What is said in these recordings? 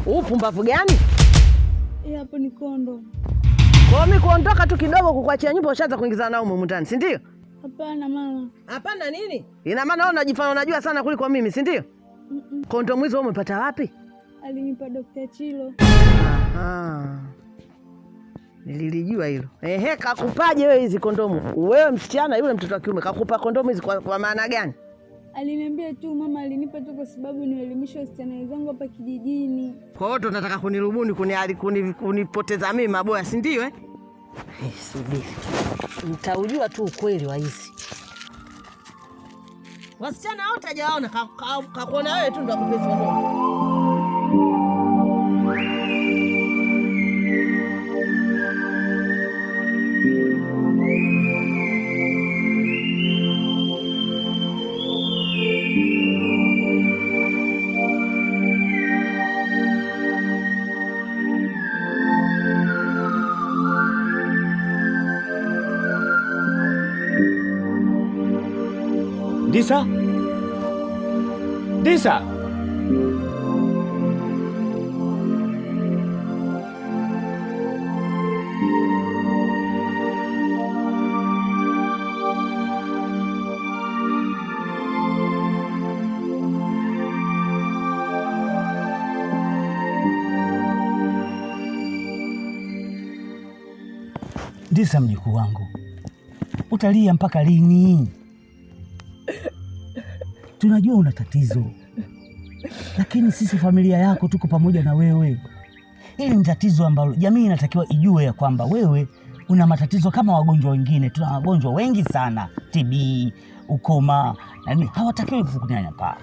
upumbavu pumbavu gani? Eh, hapo ni kondo. Kwa mimi kuondoka tu kidogo kukuachia nyumba ushaanza kuingiza nao humu ndani, si ndio? Hapana mama. Hapana nini? Ina maana wewe unajifanya unajua sana kuliko mimi, si ndio? Mm -mm. Kondomu hizo wewe umepata wapi? Alinipa Dr. Chilo. Aha. Nililijua hilo. Ehe, kakupaje wewe hizi kondomu? Wewe msichana, yule mtoto wa kiume kakupa kondomu hizi kwa, kwa maana gani? Aliniambia tu mama, alinipa tu kwa sababu niwaelimisha wasichana wenzangu hapa kijijini. Kwa hiyo tunataka kunirubuni, kunipoteza mimi maboya, si ndio eh? eh Subiri mtaujua tu ukweli wa hizi wasichana. Hao utajaona kakuona wewe tu ndo akupeza Disa? Disa? Disa, mjukuu wangu, utalia mpaka lini? tunajua una tatizo, lakini sisi familia yako tuko pamoja na wewe. Hili ni tatizo ambalo jamii inatakiwa ijue ya kwamba wewe una matatizo kama wagonjwa wengine. Tuna wagonjwa wengi sana, TB, ukoma na hawatakiwi kukunyanyapaa.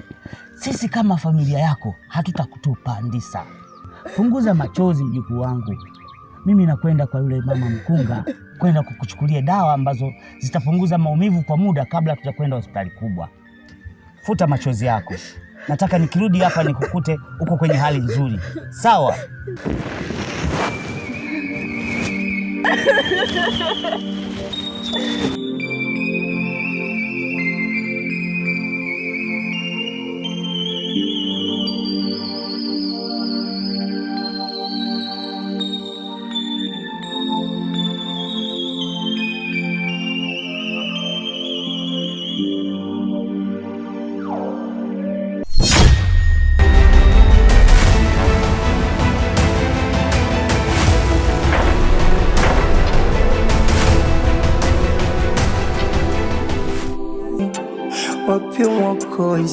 Sisi kama familia yako hatutakutupa ndisa. Punguza machozi, mjukuu wangu. Mimi nakwenda kwa yule mama mkunga kwenda kukuchukulia dawa ambazo zitapunguza maumivu kwa muda kabla tutakwenda kwenda hospitali kubwa futa machozi yako. Nataka nikirudi hapa nikukute uko kwenye hali nzuri, sawa?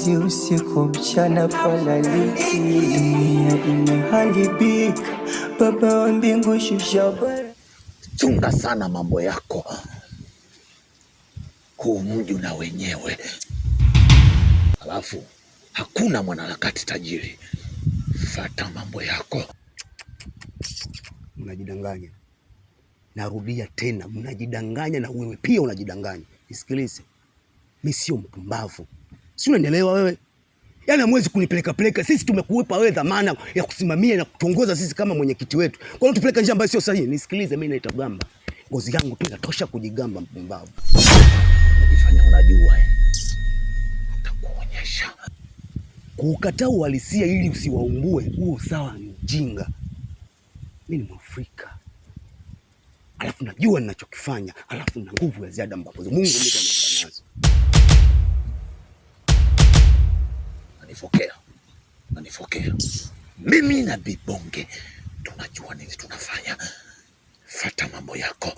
mwezi usiku mchana palaliki, dunia imeharibika. Baba wa mbingu shusha baraka. Chunga sana mambo yako, huu mji na wenyewe. Alafu hakuna mwanaharakati tajiri, fata mambo yako. Mnajidanganya, narudia tena, mnajidanganya na wewe pia unajidanganya. Nisikilize, mi sio mpumbavu si unaelewa wewe? Yaani hamwezi kunipeleka peleka. Sisi tumekuwepa wewe dhamana ya kusimamia na kutuongoza sisi kama mwenyekiti wetu. Kwa nini tupeleka njia ambayo sio sahihi? Nisikilize mimi gamba, Ngozi yangu tu inatosha kujigamba mpumbavu. Unajifanya unajua. eh? Utakuonyesha Kukataa uhalisia ili usiwaumbue, huo sawa ni ujinga. Mimi ni Mwafrika. Alafu najua ninachokifanya, alafu na nguvu ya ziada ambazo Mungu amenipa nazo wananifokea, wananifokea. Mimi na Bibonge tunajua nini tunafanya. Fata mambo yako.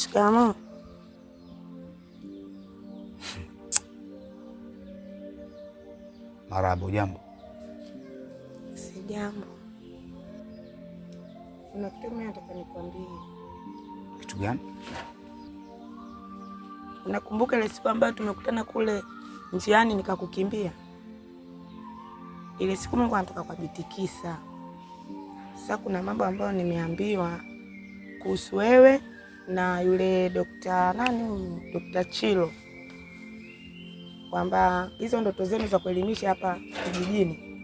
Shikamoo. Marahaba. Jambo. Si jambo. Kuna kitu mimi nataka nikwambie. Kitu gani? Unakumbuka ile siku ambayo tumekutana kule njiani nikakukimbia? Ile siku mimi natoka kwa Bitikisa. Sasa kuna mambo ambayo nimeambiwa kuhusu wewe na yule dokta nani, dokta Chilo kwamba hizo ndoto zenu za kuelimisha hapa kijijini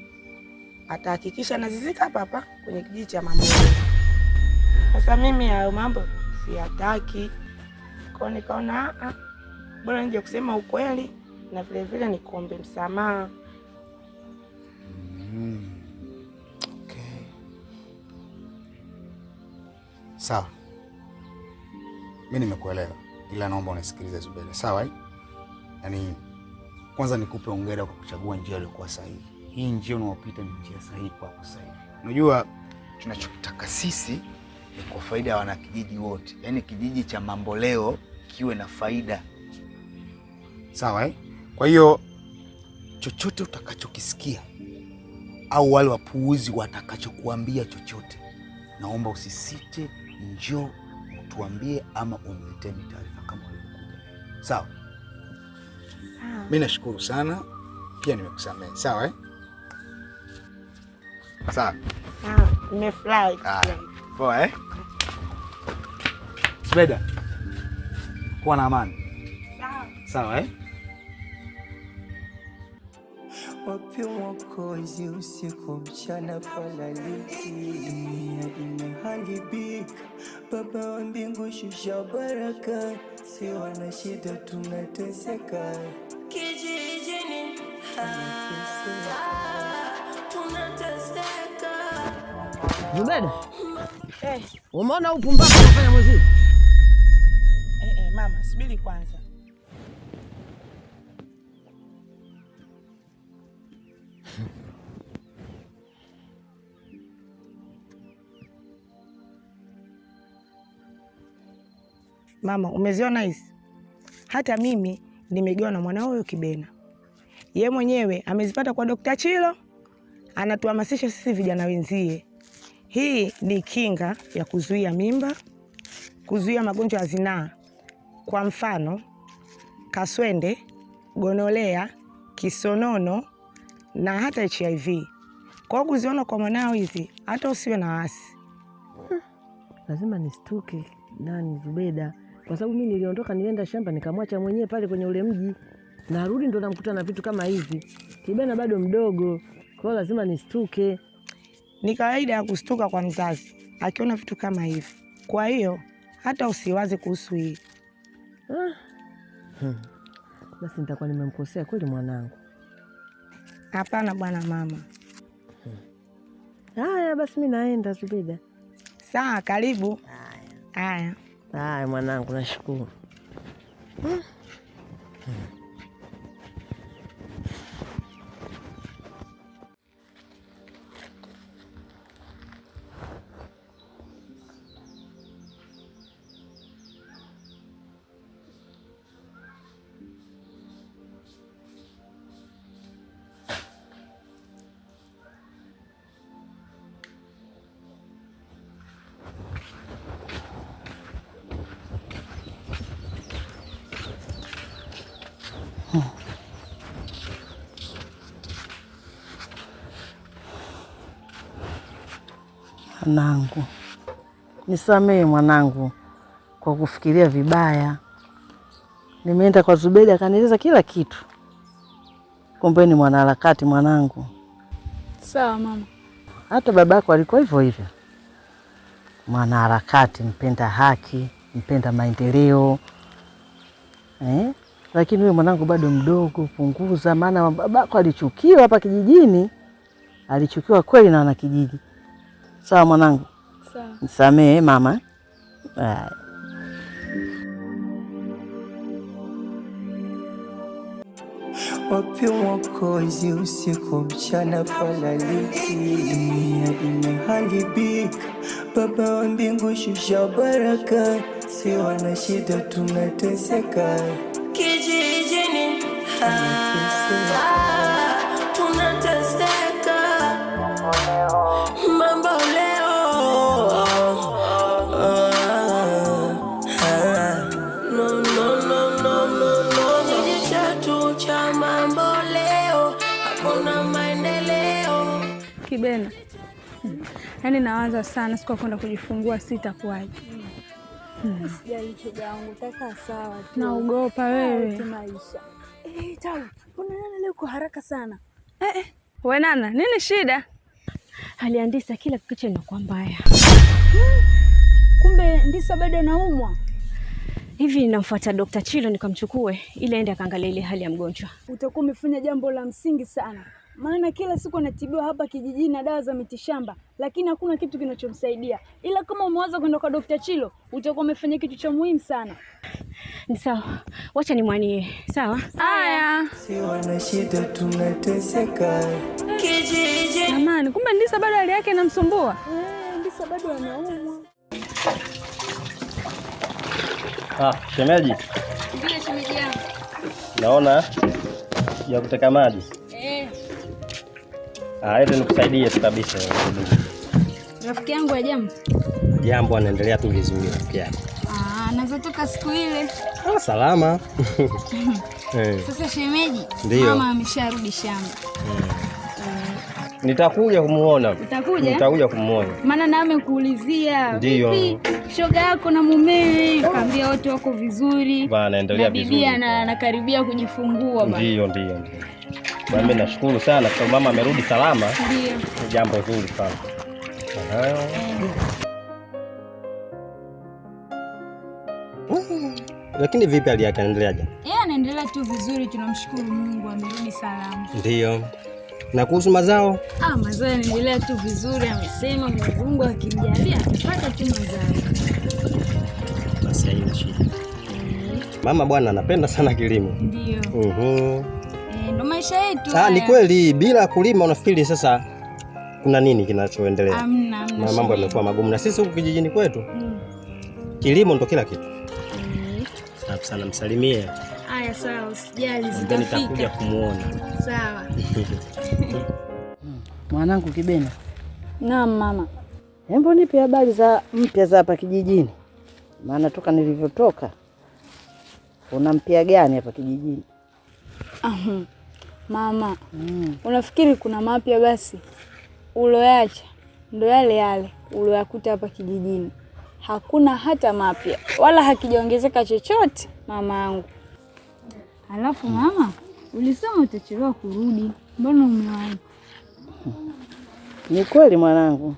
atahakikisha nazizika hapa hapa kwenye kijiji cha mama. Sasa mimi hayo mambo siyataki, kwa nikaona ah, ah, bora nije kusema ukweli na vile vile nikuombe msamaha. Mm. Okay. Sawa mi nimekuelewa, ila naomba unisikilize Zubeda, sawa eh? Yani kwanza nikupe hongera kwa kuchagua njia iliyokuwa sahihi. Hii njia unaopita ni njia sahihi kwako sasa hivi. Unajua tunachotaka sisi ni kwa faida ya wanakijiji wote, yaani kijiji cha Mamboleo kiwe na faida, sawa eh? Kwa hiyo chochote utakachokisikia au wale wapuuzi watakachokuambia chochote, naomba usisite, njoo utuambie ama unileteni taarifa kama ulivyokuja. Sawa? Mimi nashukuru sana, pia nimekusamehe. Sawa eh? Sawa. Ah, nimefurahi. Poa eh? Subeda. Kuwa na amani. Sawa. Sawa eh? Wapi Mwokozi, usiku mchana, pala dunia imeharibika Baba wa mbingu, shusha baraka, si wana shida, tunateseka kijijini, tunateseka. Zubeda, eh. umeona upumbavu unafanya muziki. Eh, eh, mama subiri kwanza Mama, umeziona hizi? Hata mimi nimegewa na mwana huyo Kibena. Ye mwenyewe amezipata kwa Dokta Chilo, anatuhamasisha sisi vijana wenzie. Hii ni kinga ya kuzuia mimba, kuzuia magonjwa ya zinaa, kwa mfano kaswende, gonolea, kisonono na hata HIV. Kwa kuziona kwa mwanao hizi, hata usiwe na wasi. lazima nistuke nani Zubeda kwa sababu mimi niliondoka, nilienda shamba nikamwacha mwenyewe pale kwenye ule mji, narudi ndo namkuta na vitu kama hivi. Kibena bado mdogo, kwa lazima nistuke. Ni kawaida ya kustuka kwa mzazi akiona vitu kama hivi, kwa hiyo hata usiwaze kuhusu hii. Ah. Basi nitakuwa nimemkosea kweli mwanangu. Hapana bwana mama. Haya, Basi mi naenda Zubida. Sawa, karibu. Haya. Haya mwanangu, nashukuru. nangu, nisamehe mwanangu kwa kufikiria vibaya. Nimeenda kwa Zubeda akanieleza kila kitu, kumbe ni mwanaharakati mwanangu. Sawa mama. Hata babako alikuwa hivyo hivyo, mwanaharakati, mpenda haki, mpenda maendeleo eh? Lakini wewe mwanangu bado mdogo, punguza. Maana babako alichukiwa hapa kijijini, alichukiwa kweli na wanakijiji, Sawa mwanangu, nisamehe mama. Haya. Wapi mwokozi, usiku mchana palaliki, imeharibika. Baba wa mbingu, shusha baraka, si wana shida, tunateseka kijijini yaani nawaza sana siku kwenda kujifungua sitakuwaje. Hmm. Sijali yangu, taka sawa tu. Naogopa wewe. Maisha. Eh, kuna nani leo kwa haraka sana? Eh, eh. Wewe nana, nini shida? Hali ya Ndisa kila kitu inakuwa mbaya. Hmm. Kumbe Ndisa bado anaumwa. Hivi ninamfuata Dr. Chilo nikamchukue ili aende akaangalia ile hali ya mgonjwa. Utakuwa umefanya jambo la msingi sana maana kila siku anatibiwa hapa kijijini na dawa za mitishamba, lakini hakuna kitu kinachomsaidia. Ila kama umewaza kwenda kwa Dokta Chilo, utakuwa umefanya kitu cha muhimu sana. Ni sawa, wacha nimwanie. Sawa, haya. Si wana shida, tunateseka Amani, Kumbe Ndisa bado hali yake inamsumbua. Eh, Ndisa bado anaumwa. Ah, shemeji, ndio shemeji yangu, naona ya kuteka maji Hivi ah, nikusaidie tu kabisa. Rafiki yangu ya jambo jambo, anaendelea tu vizuri. Rafiki yako ah, anazotoka siku ile ah, salama? Eh. Sasa shemeji, mama amesharudi shamba eh. nitakuja kumuona. Utakuja? Nitakuja kumuona. Maana na amekuulizia. Ndio. Shoga yako na mumewe kaambia wote wako vizuri. Bana, endelea vizuri. Bibi anakaribia kujifungua bana. Ndio, ndio, ndio. Kwa mimi nashukuru sana kwa mama amerudi salama, Ndio. jambo zuri sana. Mm. Lakini vipi hali yake anaendeleaje? Yeye anaendelea tu vizuri, tunamshukuru Mungu amerudi salama. Ndio. Na kuhusu mazao? Ah, mazao yanaendelea tu vizuri, amesema Mungu akimjalia atapata tu mazao. Basi haina shida. Mm. Mama bwana anapenda sana kilimo. Ndio. Uh-huh ndo maisha yetu. Ah, ni kweli, bila kulima unafikiri sasa kuna nini kinachoendelea? Amna, amna, mambo yamekuwa magumu na sisi huku kijijini kwetu mm. kilimo ndo kila kitu mm. safi sana, msalimie. Haya, sawa, usijali, zitafika. Nitakuja kumuona. Sawa. Mwanangu Kibena. Naam mama. Hebu nipe habari za mpya za hapa kijijini, maana toka nilivyotoka, kuna mpya gani hapa kijijini? Mama, mm. Unafikiri kuna mapya basi? Uloyacha ndo yale yale uloyakuta hapa kijijini, hakuna hata mapya wala hakijaongezeka chochote mama yangu. Alafu mama, ulisema utachelewa kurudi, mbona umewahi? Ni kweli mwanangu,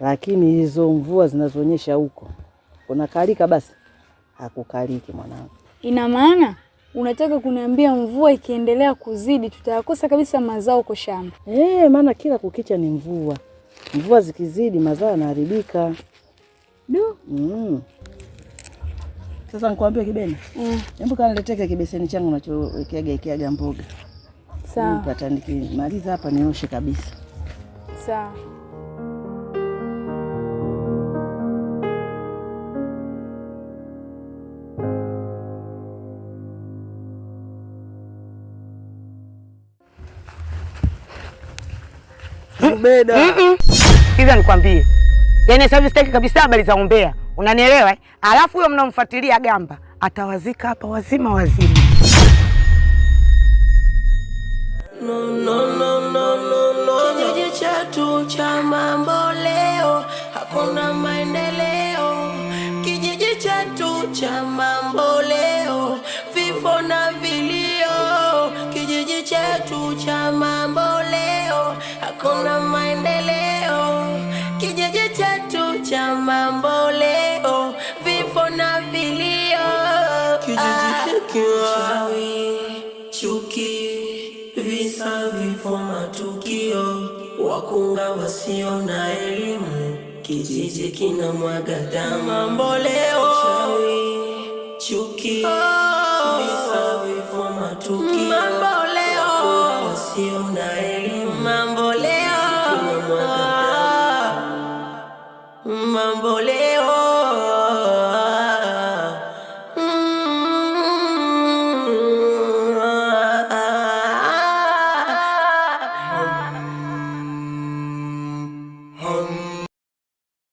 lakini hizo mvua zinazoonyesha huko unakalika basi? Hakukaliki mwanangu. Ina maana Unataka kuniambia mvua ikiendelea kuzidi tutayakosa kabisa mazao kwa shamba? Hey, eh, maana kila kukicha ni mvua. Mvua zikizidi mazao yanaharibika. Du. Mm. Sasa nikwambie Kibena. Mm. Hebu kaniletee kibeseni changu unachowekeaga ikiaga mboga. Sawa. Nipatanikie. Maliza hapa nioshe kabisa. Sawa. Ubeda. Mm -mm. Sikiza nikwambie. Yaani sasa sitaki kabisa habari za umbea. Unanielewa? Eh? Alafu huyo mnamfuatilia gamba atawazika hapa wazima wazima. No, no, no, no, no, no. Kijiji chetu cha mambo leo hakuna maendeleo. Kijiji chetu cha Uchawi, chuki, visa, vifo, matukio, wakunga wasio na elimu, kijiji kina mwaga damu. Mambo leo, chuki, visa, vifo, matukio, wasio na elimu. Mambo leo, mambo leo